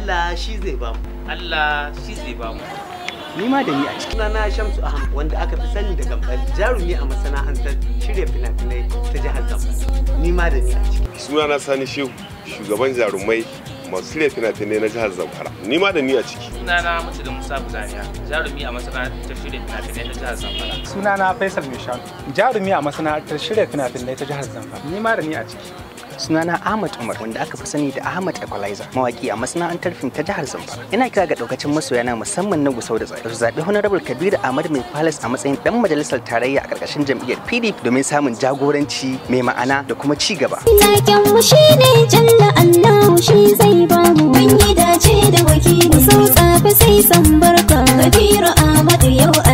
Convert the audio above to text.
Allah shi zai ba mu Allah shi zai ba mu ni ma da ni a cikin na Shamsu Ahmad wanda aka fi sani da Gambal jarumi a masana'antar shirya fina-finai ta jihar Zamfara ni ma da ni a ciki sunana Sani Shehu shugaban jarumai masu shirya fina-finai na jihar Zamfara ni ma da ni a ciki sunana Mutu da Musa Buzariya jarumi a masana'antar shirya fina-finai na jihar Zamfara sunana Faisal Mishan jarumi a masana'antar shirya fina-finai ta jihar Zamfara ni ma da ni a ciki sunana Ahmad Umar wanda aka fi sani da Ahmad Equalizer mawaki a masana'antar fim ta jihar Zamfara ina kira ga daukacin masoya na musamman na Gusau da Tsari su zaɓi Honorable Kabir Ahmad Mai Palace a matsayin dan majalisar tarayya a ƙarƙashin jam'iyyar PDP domin samun jagoranci mai ma'ana da kuma ci gaba mu ne jalla Allah shi zai ba mu mun yi dace da wakili sau tsafe sai san barka Kabiru Ahmad yau